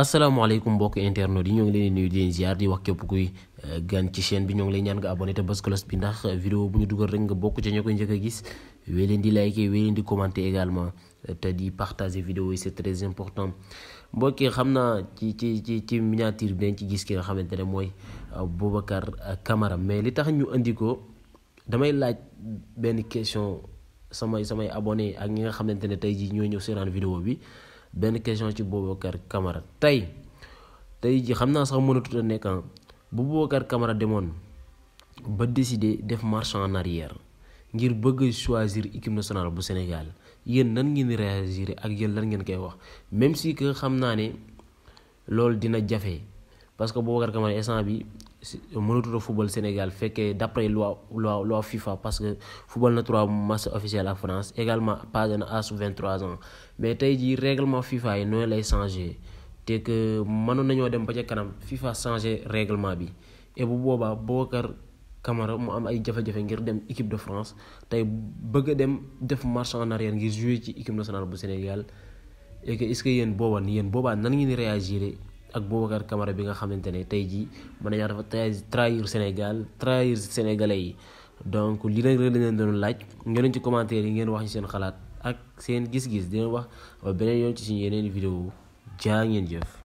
asalaamaaleykum mbokk internet yi ñoo ngi leen di nuyu di leen ziar di wax képp kuy eh, gan ci chaîne bi ñoo ngi lay ñaan nga abonné te bës cloche bi ndax eh, vidéo bu ñu dugal rek nga bokk ca ñoo koy njëkk a gis wéy di liker wéy di commenter également eh, te di partager vidéo yi c'est très important mbokk yi xam naa ci ci ci ci miniature bi dañ ci gis ki nga xamante ne mooy Boubacar kamara mais li tax ñu indi ko damay laaj benn question samay samay abonné ak ñi nga xamante ne tey jii ñoo ñëw seetaan vidéo bi. benn question ci Boubacar Camara tey tey ji xam naa sax mënatut a nekk bu Boubacar Camara demoon ba décider def marche en ngir bëgg choisir équipe nationale bu Sénégal yéen nan ngeen réagir ak yéen lan ngeen koy wax même si que xam naa ne loolu dina jafe parce que Boubacar Camara bi mënatut a football Sénégal fekkee d'après loi loi loi FIFA parce que football na trois matchs officiels à France également passé na à sous 23 ans mais tey jii réglement FIFA yi nooy lay changé te que mënoon nañoo dem ba ca kanam FIFA changé règlement bi et bu boobaa Bocar Camara mu am ay jafe-jafe ngir dem équipe de France tey bëgg a dem def marche en arrière ngir jouer ci équipe nationale bu Sénégal et que est-ce que yéen boobaa yéen boobaa nan ngeen réagir ak Boubacar Camara bi nga xamante ne tey jii mën nañu dafa trahir Sénégal trahir Sénégalais yi donc li nag rek dañ leen laaj ngeen ci commentaire yi ngeen wax ci seen xalaat ak seen gis-gis dinañ wax beneen yoon ci suñu yeneen vidéo jaa ngeen jëf.